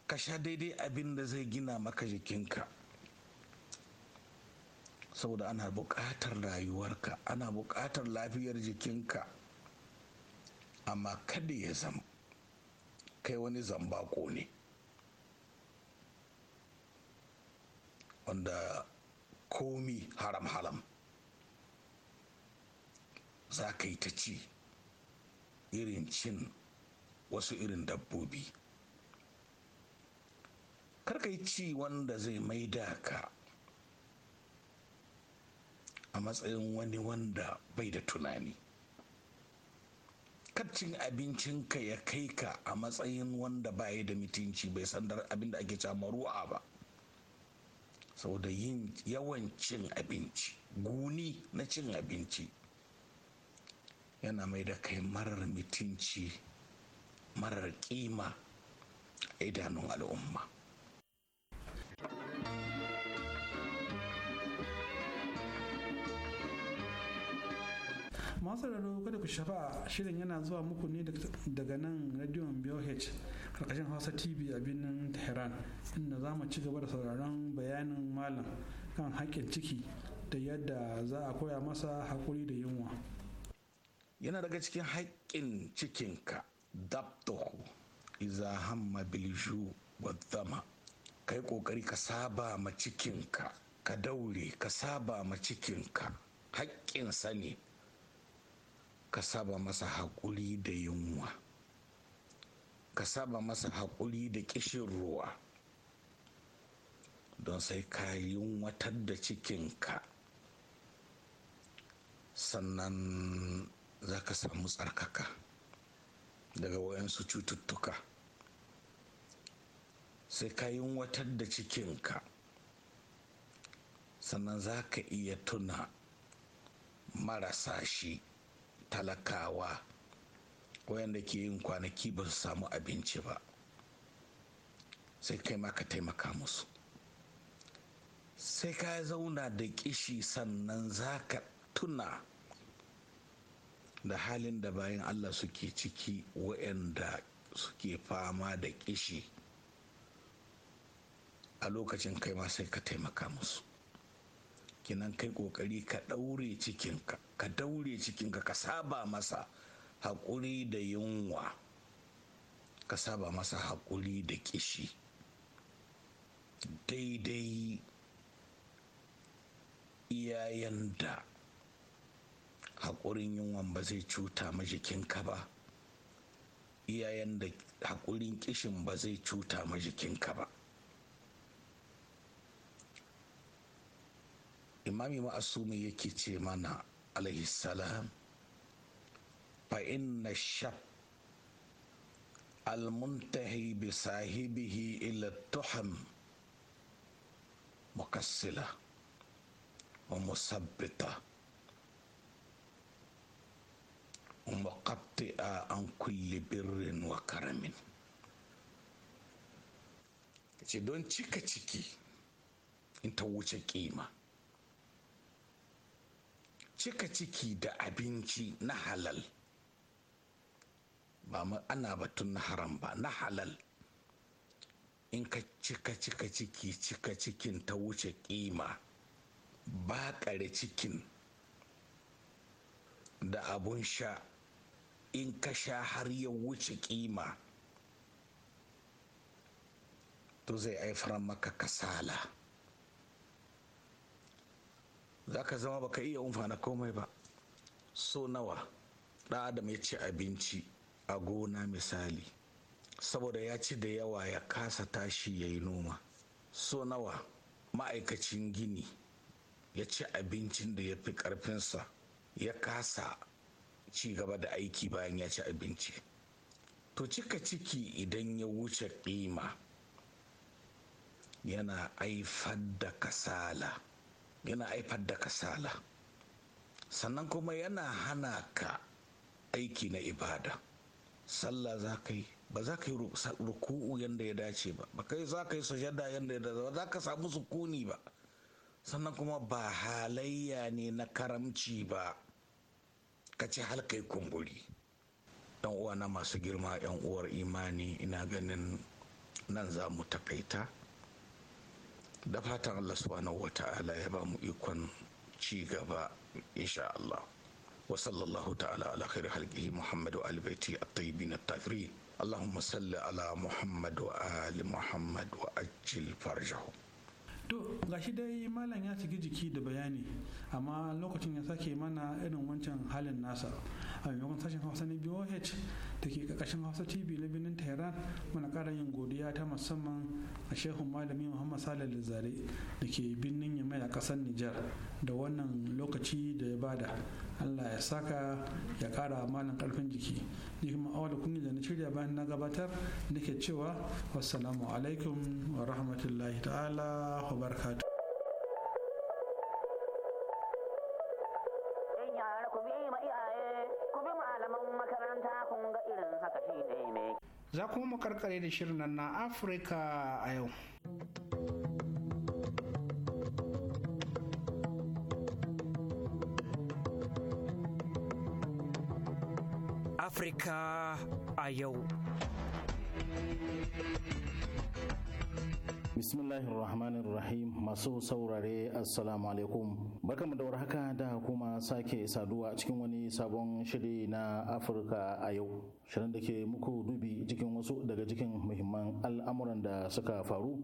ka sha daidai abin da zai gina maka jikinka saboda ana buƙatar rayuwarka ana buƙatar lafiyar jikinka amma kada ya zama kai wani zambako ne wanda komi haram-haram za ka yi ta ci irin cin wasu irin dabbobi karka yi ci wanda zai maida ka a matsayin wani wanda bai da tunani abincin ka ya kai ka a matsayin wanda baya da mutunci bai san abin da ake cewa ruwa ba saboda yin yawan cin abinci guni na cin abinci yana mai da kai marar mutunci marar kima a idanun al'umma. masu raro kada ku shafa shirin yana zuwa muku ne daga nan radio BOH karkashin Hausa TV a birnin Tehran inda za mu ci gaba da sauraron bayanin malam kan haƙƙin ciki da yadda za a koya masa haƙuri da yunwa. Yana daga cikin haƙƙin cikinka dabtahu iza hamma bilju wa zama kai ƙoƙari ka saba ma cikinka ka daure ka saba ma cikinka haƙƙinsa ne ka saba masa haƙuri da yunwa ka saba masa haƙuri da ƙishin ruwa don sai ka yunwatar da cikinka sannan za ka samu tsarkaka daga wayansu cututtuka sai ka yunwatar da cikinka sannan za ka iya tuna marasa shi talakawa wayanda ke yin kwanaki ba su samu abinci ba sai kai ma ka taimaka musu sai ka zauna da kishi sannan za ka tuna da halin da bayan allah suke ciki wayanda suke fama da kishi a lokacin kai ma sai ka taimaka musu kinan kai kokari ka daure cikinka ka daure cikinka ka saba masa haƙuri da yunwa ka saba masa haƙuri da kishi daidai iyayen da haƙurin yunwan ba zai cuta ma jikinka ba iyayen da haƙurin kishin ba zai cuta ma jikinka ba imami ma'asumi yake ce mana alaihissalam fa inna shab almuntahi bi sahibihi ila tuham mukassila wa musabbita a an kulli birrin wa karamin ce don cika ciki in ta wuce kima cika ciki da abinci na halal ba mu ana batun na haram ba na halal in ka cika cika ciki cika cikin ta wuce kima kare cikin da abun sha in ka sha har ya wuce kima to zai haifar maka kasala za ka zama baka iya umfana komai ba so nawa ɗan adam ya ci abinci a gona misali saboda ya ci da yawa ya kasa tashi ya yi noma so nawa ma'aikacin gini ya ci abincin da ya fi ƙarfinsa ya kasa ci gaba da aiki bayan ya ci abinci to cika ciki idan ya wuce ƙima yana aifar da kasala yana haifar da kasala sannan kuma yana hana ka aiki na ibada sallah za ka yi ba za ka yi ruku'u yadda ya dace ba ba kai za ka yi sujada yadda ya dace ba za ka samu sukuni ba sannan kuma ba halayya ne na karamci ba ka ci halkai kumburi yan uwa na masu girma yan uwar imani ina ganin nan za mu takaita da fatan allah subhanahu wa ta'ala ya ba mu ikon ci gaba insha allah wa sallallahu ta'ala ala khairi halqihi muhammadu al baiti at-tayyibin at-tafirin اللهم صل على محمد وآل محمد وأجل فرجهم to gashi dai malam ya shiga jiki da bayani amma lokacin ya sake mana irin wancan halin nasa a maimakon sashen hausa na boh da ke kakashin hausa tv na birnin tehran mana kara yin godiya ta musamman a shehun malami muhammad salih zare da ke birnin yamai a kasar nijar da wannan lokaci da ya bada allah ya saka ya kara mana karfin jiki ni kuma kunni da na shirya bayan na gabatar nake cewa wassalamu alaikum wa rahmatullahi ta'ala wa barakatuh za kuma mu karkare da shirin na afirka a yau Afirka a yau. bismillahir masu saurare assalamu alaikum barkamu da haka da kuma sake saduwa cikin wani sabon shiri na afirka a yau shirin da ke muku dubi cikin wasu daga cikin muhimman al'amuran da suka faru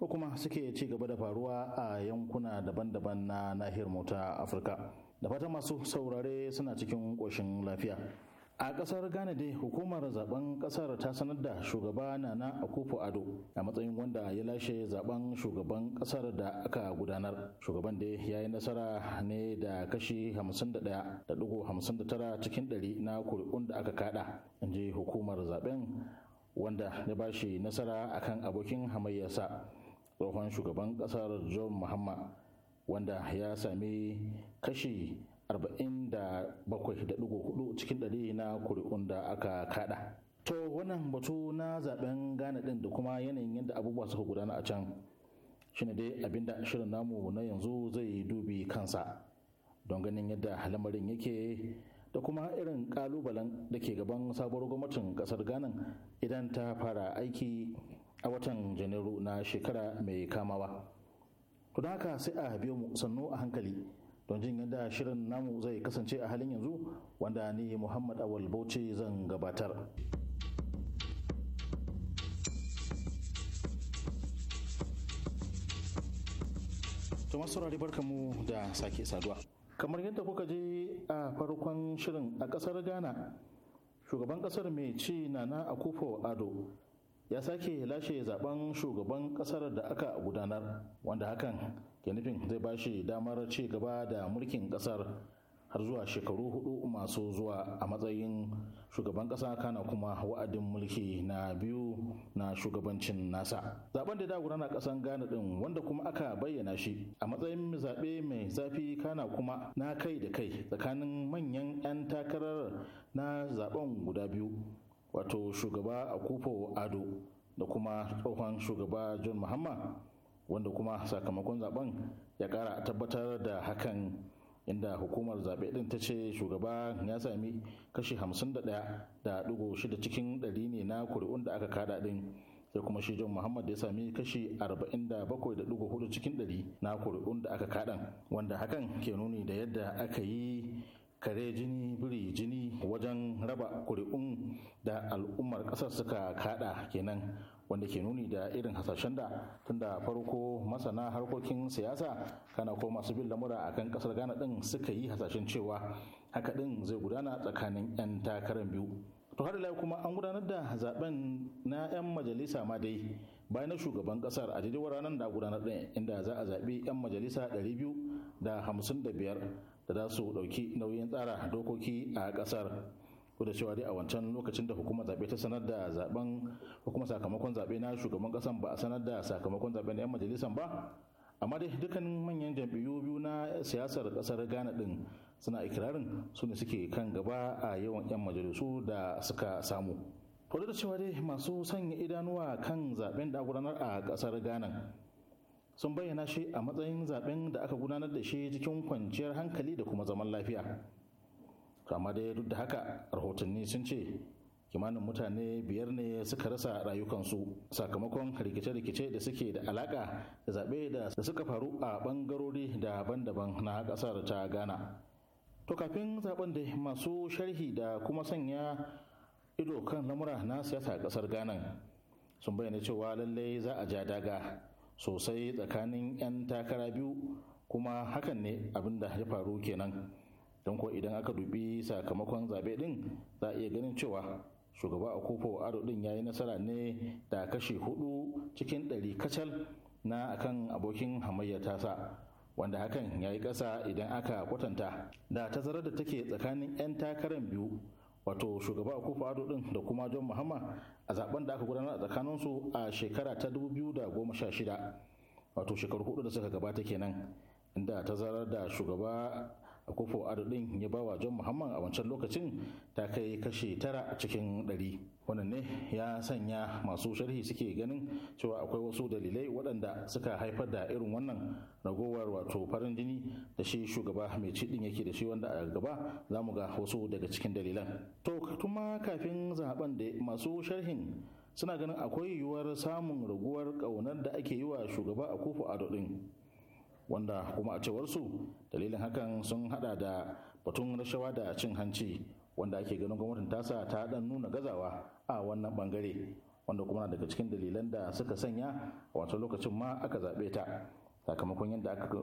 ko kuma suke ci gaba da faruwa a yankuna daban-daban na nahiyar mota afirka da fatan masu saurare suna cikin ƙoshin lafiya a kasar ghana dai hukumar zaben kasar ta sanar da shugaba nana akufo ado a matsayin wanda ya lashe zaben shugaban kasar da aka gudanar shugaban dai ya yi nasara ne da kashi 51.59 cikin 100 na kuri'un da aka kada in ji hukumar zaben wanda ya ba shi nasara akan abokin hamayyarsa tsohon shugaban kasar john muhammad wanda ya sami kashi 47.4 cikin ɗari na kuri'un da aka kada. To wannan batu na zaben gane ɗin da kuma yanayin yadda abubuwa suka gudana a can shine dai abinda shirin namu na yanzu zai dubi kansa don ganin yadda lamarin yake da kuma irin kalubalen da ke gaban sabuwar gwamnatin kasar Ghana idan ta fara aiki a watan Janairu na shekara mai kamawa. To haka sai a biyo mu sannu a hankali. don jin yadda shirin namu zai kasance a halin yanzu wanda ni muhammad awal bauchi zan gabatar to masu barkamu da sake saduwa kamar yadda kuka je a farkon shirin a kasar ghana shugaban kasar mai ci nana akufo ado ya sake lashe zaben shugaban kasar da aka gudanar wanda hakan ke zai ba shi damar ci gaba da mulkin kasar har zuwa shekaru hudu masu zuwa a matsayin shugaban kasa kana kuma wa'adin mulki na biyu na shugabancin nasa zaben da dagura na kasan ghana din wanda kuma aka bayyana shi a matsayin zaɓe mai zafi kana kuma na kai da kai tsakanin manyan 'yan takarar na zaben guda biyu wato shugaba akufo ado da kuma tsohon shugaba john muhammad wanda kuma sakamakon zaben ya kara tabbatar da hakan inda hukumar zaɓe ɗin ta ce shugaba ya sami kashi 51.6 cikin ɗari ne na kuri'un da aka kada ɗin sai kuma shi john muhammad ya sami kashi 47.4 cikin ɗari na kuri'un da aka kaɗan wanda hakan ke nuni da yadda aka yi kare jini biri jini da al'ummar kasar suka kada kenan wanda ke nuni da irin hasashen da tun da farko masana harkokin siyasa kana ko masu bin lamura a kan kasar ghana din suka yi hasashen cewa haka din zai gudana tsakanin 'yan takarar biyu to har lai kuma an gudanar da zaben na 'yan majalisa ma dai bayan na shugaban kasar a jirgin ranar da gudanar din inda za a zaɓi 'yan majalisa biyu da hamsin da biyar za su ɗauki nauyin tsara dokoki a kasar ko da cewa dai a wancan lokacin da hukumar zaɓe ta sanar da zaben hukumar sakamakon zaɓe na shugaban ƙasan ba a sanar da sakamakon zaɓen 'yan majalisan ba amma dai dukkan manyan jam'iyyu biyu na siyasar ƙasar ghana ɗin suna ikirarin su ne suke kan gaba a yawan 'yan majalisu da suka samu ko da cewa dai masu sanya idanuwa kan zaɓen da gudanar a ƙasar ghana sun bayyana shi a matsayin zaɓen da aka gudanar da shi cikin kwanciyar hankali da kuma zaman lafiya kama dai duk da haka rahotanni sun ce kimanin mutane biyar ne suka rasa rayukansu sakamakon rikice-rikice da suke da alaka da zaɓe da suka faru a ɓangarori daban-daban na ƙasar ta ghana to kafin zaben da masu sharhi da kuma sanya ido kan lamura na siyasa a ƙasar ghana sun bayyana cewa lallai za a ja daga sosai tsakanin 'yan takara biyu kuma hakan ne abin da ya faru kenan. don ko idan aka dubi sakamakon zaɓe din za a iya ganin cewa shugaba a kofo ado din ya yi nasara ne da kashi hudu cikin ɗari kacal na akan abokin hamayya tasa wanda hakan ya yi ƙasa idan aka kwatanta da tazarar da take tsakanin 'yan takarar biyu wato shugaba kofo ado din da kuma john mahama a zaben da aka gudanar a tsakaninsu a shekara ta 2016 wato shekaru hudu da suka gabata kenan inda tazarar da shugaba akufo ado din ya ba wa john muhammad a wancan lokacin ta kai kashe tara cikin ɗari wannan ne ya sanya masu sharhi suke ganin cewa akwai wasu dalilai waɗanda suka haifar da irin wannan ragowar wato farin jini da shi shugaba mai ci din yake da shi wanda a gaba za mu ga wasu daga cikin dalilan to kuma kafin zaben da masu sharhin suna ganin akwai yiwuwar samun raguwar ƙaunar da ake yi wa shugaba a kofo ado din wanda kuma a cewarsu dalilin hakan sun hada da batun rashawa da cin hanci wanda ake ganin gwamnatin tasa ta dan nuna gazawa a wannan bangare wanda kuma na daga cikin dalilan da suka sanya a wancan lokacin ma aka zaɓe ta sakamakon yadda aka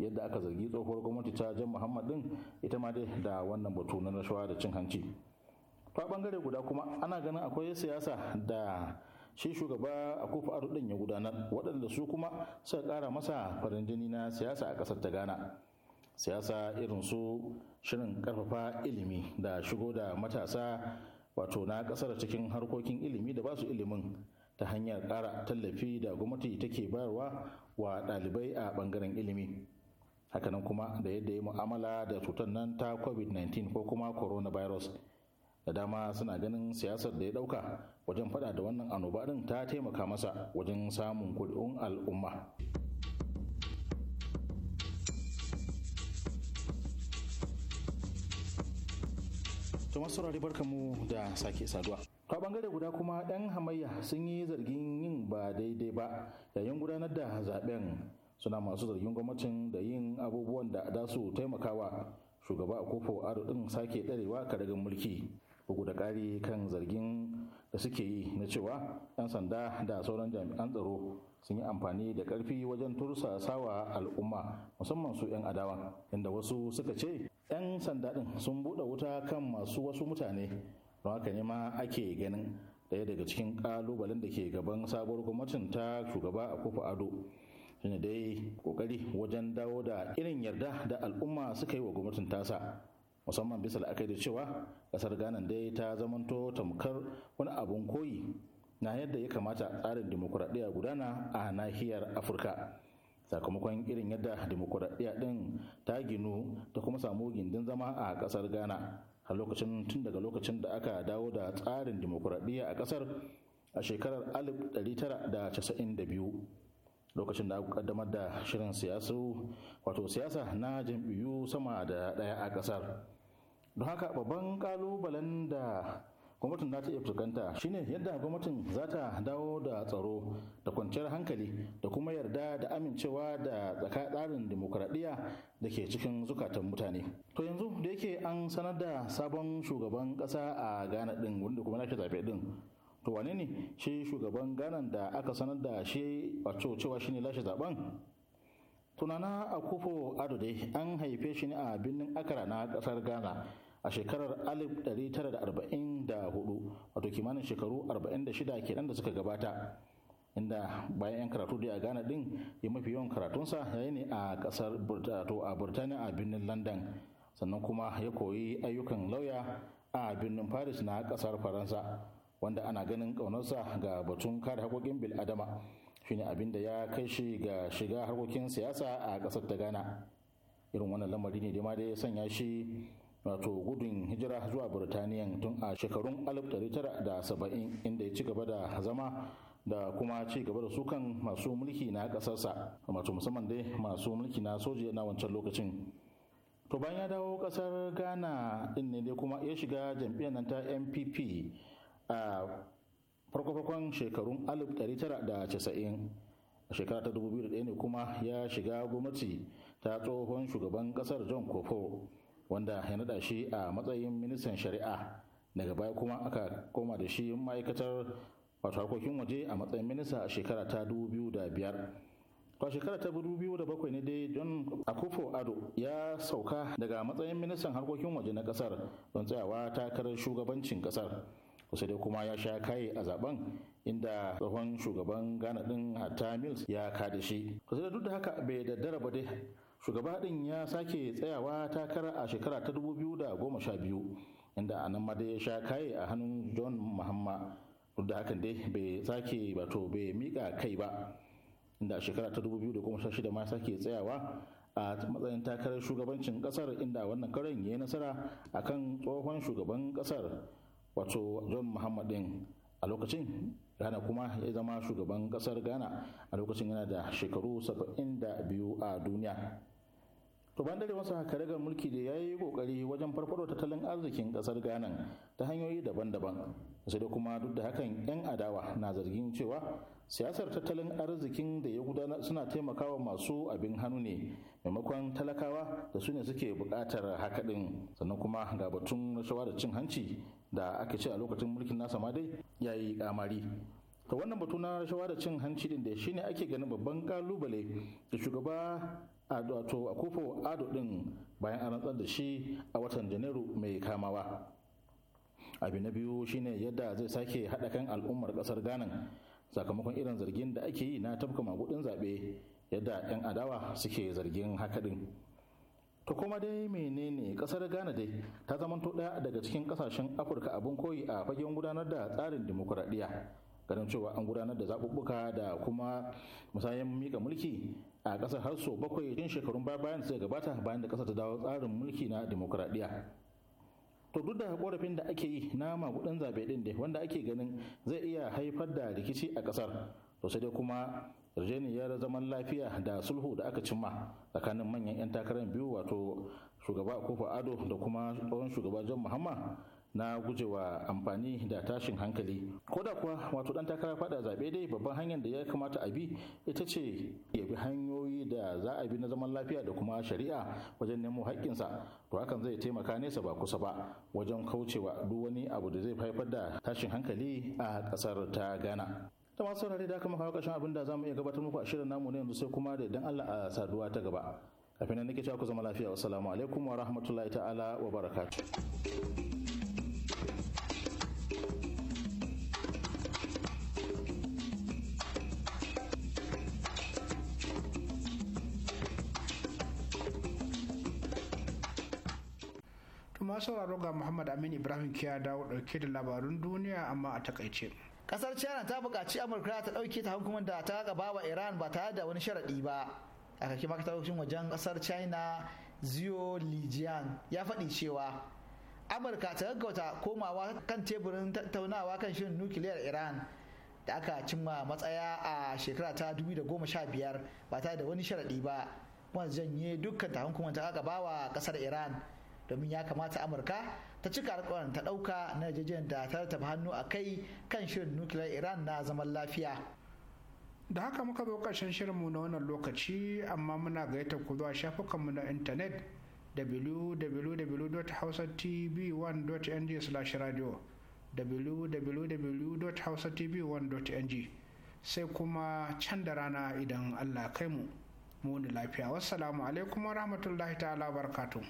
yadda aka zargi tsohuwar gwamnati ta jan muhammad din ita ma dai da wannan batu na rashawa da cin hanci to a bangare guda kuma ana ganin akwai siyasa da shi shugaba a kufa ado ɗin ya gudanar waɗanda su kuma suka ƙara masa farin jini na siyasa a ƙasar ta ghana siyasa irin su shirin ƙarfafa ilimi da shigo da matasa wato na ƙasar cikin harkokin ilimi da basu ilimin ta hanyar ƙara tallafi da gwamnati take bayarwa wa ɗalibai a ɓangaren ilimi hakanan kuma da yadda ya mu'amala da cutar nan ta covid-19 ko kuma coronavirus da dama suna ganin siyasar da ya ɗauka wajen fada da wannan annoba din ta taimaka masa wajen samun kuri'un al'umma to masu mu da sake saduwa ta bangare guda kuma 'yan hamayya sun yi zargin yin ba daidai ba yayin gudanar da zaben suna masu zargin gwamnatin da yin abubuwan da za su taimakawa shugaba a kofo aro din sake ɗarewa karagin mulki bugu da ƙari kan zargin da suke yi na cewa 'yan sanda da sauran jami'an tsaro sun yi amfani da ƙarfi wajen tursasawa al'umma musamman su 'yan adawa inda wasu suka ce 'yan sanda ɗin sun buɗe wuta kan masu wasu mutane don haka ne ma ake ganin daya daga cikin ƙalubalen da ke gaban sabuwar gwamnatin ta shugaba a kofa ado shine dai kokari wajen dawo da irin yarda da al'umma suka yi wa gwamnatin tasa musamman bisa la'akari da cewa kasar ghana dai ta zamanto tamkar wani abun koyi na yadda ya kamata tsarin dimokuraɗiyya gudana a nahiyar afirka sakamakon irin yadda dimokuraɗiyya ɗin ta ginu ta kuma samu gindin zama a kasar ghana a lokacin tun daga lokacin da aka dawo da tsarin dimokuraɗiyya a ƙasar a shekarar 1992 lokacin da aka kaddamar da shirin wato siyasa na jam'iyyu sama da ɗaya a ƙasar. don haka babban kalubalen da gwamnatin za ta iya fuskanta shine yadda gwamnatin za ta dawo da tsaro da kwanciyar hankali da kuma yarda da amincewa da tsaka tsarin dimokuraɗiyya da ke cikin zukatan mutane to yanzu da yake an sanar da sabon shugaban ƙasa a ghana ɗin wanda kuma na zaɓe ɗin to wane ne shi shugaban ghana da aka sanar da shi wato cewa shine lashe zaben tunana akufo adode an haife shi ne a birnin akara na ƙasar ghana a shekarar 1944 wato kimanin shekaru 46 kenan da suka gabata inda bayan 'yan karatu da a Ghana din ya mafi yawan karatunsa yayi ne a kasar a Burtaniya a birnin London sannan kuma ya koyi ayyukan lauya a birnin Paris na kasar Faransa wanda ana ganin kaunarsa ga batun kare haƙoƙin bil'adama shine abin da ya kai shi ga shiga harkokin siyasa a ƙasar ta Ghana irin wannan lamari ne da ma da ya sanya shi wato gudun hijira zuwa birtaniyan tun a shekarun 1970 inda ya ci gaba da zama da kuma ci gaba da sukan masu mulki na kasarsa wato musamman dai masu mulki na soji na wancan lokacin to bayan ya dawo kasar ghana din ne kuma ya shiga jam'iyyar nan ta npp a farko-farkon shekarun 1990 a shekara ta 2001 ne kuma ya shiga gwamnati ta tsohon shugaban kasar john kofo wanda ya nada shi a matsayin ministan shari'a daga baya kuma aka koma da shi ma'aikatar wato harkokin waje a matsayin minista a shekara ta biyar. a shekara ta bakwai ne dai don akufo ado ya sauka daga matsayin ministan harkokin waje na kasar don tsayawa takarar shugabancin kasar kusa dai kuma ya sha kaye a zaben inda tsohon shugaban ghana din hatta mills ya kada shi kusa da duk da haka bai daddara ba dai shugaba ɗin ya sake tsayawa takara a shekara ta 2012 inda a nan ma dai ya sha kaye a hannun john mahamma duk da hakan dai bai sake bato bai mika kai ba inda a shekara ta 2016 ma sake tsayawa a matsayin takarar shugabancin kasar inda wannan karen ya yi nasara a kan tsohon shugaban kasar wato john muhammad din a lokacin ghana kuma ya zama shugaban kasar ghana a lokacin yana da shekaru 72 a duniya to ban dare masa karagar mulki da ya yi kokari wajen farfaro tattalin arzikin kasar ghana ta hanyoyi daban-daban sai da kuma duk da hakan 'yan adawa na zargin cewa siyasar tattalin arzikin da ya gudana suna taimakawa masu abin hannu ne maimakon talakawa da su ne suke buƙatar ɗin sannan kuma ga batun rashawa da cin hanci da aka ce a lokacin mulkin nasa ma dai ya yi kamari ta wannan batu na rashawa da cin hanci din da shine ake ganin babban kalubale da shugaba wato kofo ado din bayan an rantsar da shi a watan janairu mai kamawa abu na biyu shine yadda zai sake haɗa kan al'ummar ƙasar ghana sakamakon irin zargin da ake yi na tafka magudin zaɓe yadda 'yan adawa suke zargin haka din to kuma dai menene ƙasar ghana dai ta zamanto ɗaya daga cikin ƙasashen afirka abin koyi a fagen gudanar da tsarin dimokuraɗiyya ganin cewa an gudanar da zaɓuɓɓuka da kuma musayen mika mulki a ƙasar har so bakwai tun shekarun baya bayan da gabata bayan da ƙasar ta dawo tsarin mulki na demokuraɗiyya to duk da ƙorafin da ake yi na magudan zaɓe ɗin da wanda ake ganin zai iya haifar da rikici a ƙasar to sai dai kuma yarjejeniyar zaman lafiya da sulhu da aka cimma tsakanin manyan 'yan takarar biyu wato shugaba kofa ado da kuma tsohon shugaba john muhammad na gujewa amfani da tashin hankali ko da kuwa wato dan takara fada zaɓe dai babban hanyar da ya kamata a bi ita ce ya bi hanyoyi da za a bi na zaman lafiya da kuma shari'a wajen nemo haƙƙinsa to hakan zai taimaka nesa ba kusa ba wajen kaucewa duk wani abu da zai haifar da tashin hankali a ƙasar ta ghana ta masu saurare da aka maka ƙarshen abin da za mu iya gabatar muku a shirin namu na yanzu sai kuma da idan allah a saduwa ta gaba kafin nan nake cewa ku zama lafiya wasu alaikum wa rahmatullahi ta'ala wa barakatuh sauraro ga Muhammad Amin Ibrahim Kiya dawo dauke da labarun duniya amma a takaice. Kasar China ta buƙaci Amurka ta ɗauke ta hukumar da ta gaba wa Iran ba tare da wani sharaɗi ba. A kaki makatarocin wajen kasar China Zio Lijian ya faɗi cewa Amurka ta gaggauta komawa kan teburin tattaunawa kan shirin nukiliyar Iran da aka cimma matsaya a shekara ta 2015 ba tare da wani sharaɗi ba. zan janye dukkan ta hukumar ta gaba wa kasar Iran. domin ya kamata amurka ta cika alkawarin ta dauka na yarjejeniyar da ta rattaba hannu a kai kan shirin nukiliyar iran na zaman lafiya da haka muka zo shirin mu na wannan lokaci amma muna gayyata ku zuwa shafukanmu na intanet www.hausatv1.ng/radio www.hausatv1.ng sai kuma can da rana idan allah kai mu mu ne lafiya wassalamu alaikum wa rahmatullahi ta'ala barkatu